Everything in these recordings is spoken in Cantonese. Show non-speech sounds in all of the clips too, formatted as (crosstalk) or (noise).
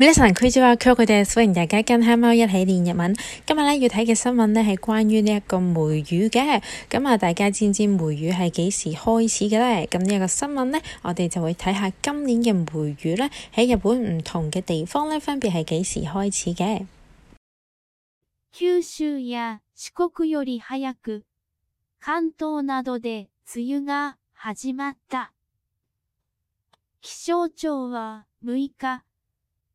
皆さんこんにちは。佢哋歡迎大家跟黑貓一起練日文。今日咧要睇嘅新聞呢係關於呢一個梅雨嘅。咁啊，大家知唔知梅雨係幾時開始嘅咧？咁呢一個新聞呢，我哋就會睇下今年嘅梅雨呢喺日本唔同嘅地方呢分別係幾時開始嘅。九州や四國より早く関東などで梅雨が始まった。気象庁は六日。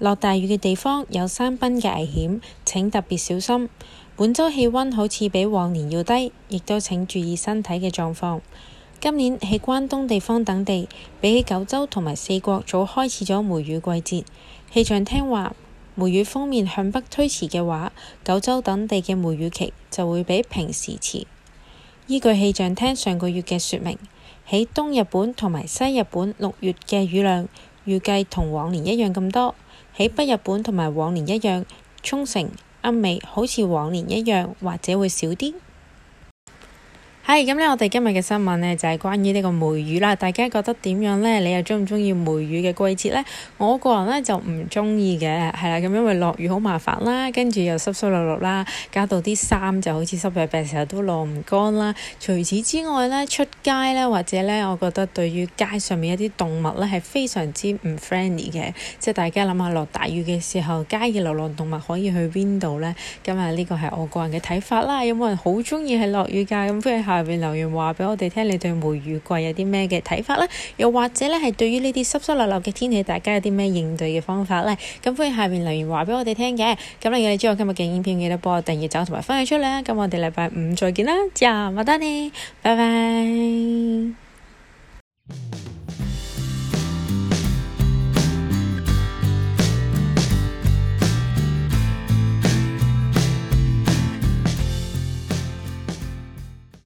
落大雨嘅地方有山崩嘅危險，請特別小心。本周氣温好似比往年要低，亦都請注意身體嘅狀況。今年喺關東地方等地，比起九州同埋四國早開始咗梅雨季節。氣象廳話，梅雨鋒面向北推遲嘅話，九州等地嘅梅雨期就會比平時遲。依據氣象廳上個月嘅說明，喺東日本同埋西日本六月嘅雨量，預計同往年一樣咁多，喺北日本同埋往年一樣，沖繩、奄美好似往年一樣，或者會少啲。係咁咧，我哋今日嘅新聞咧就係關於呢個梅雨啦。大家覺得點樣咧？你又中唔中意梅雨嘅季節咧？我個人咧就唔中意嘅，係啦，咁因為落雨好麻煩啦，跟住又濕濕落落啦，搞到啲衫就好似濕曬曬，成日都晾唔乾啦。除此之外咧，出街咧或者咧，我覺得對於街上面一啲動物咧係非常之唔 friendly 嘅。即係大家諗下落大雨嘅時候，街嘅流浪動物可以去邊度咧？咁啊，呢個係我個人嘅睇法啦。有冇人好中意係落雨㗎？咁不如下。下面留言話俾我哋聽，你對梅雨季有啲咩嘅睇法咧？又或者咧係對於呢啲濕濕立立嘅天氣，大家有啲咩應對嘅方法呢？咁歡迎下面留言話俾我哋聽嘅。咁咧，如果你中意今日嘅影片，記得幫我訂閱、走同埋分享出嚟啦。咁我哋禮拜五再見啦，じゃ、またね，拜拜。 (music)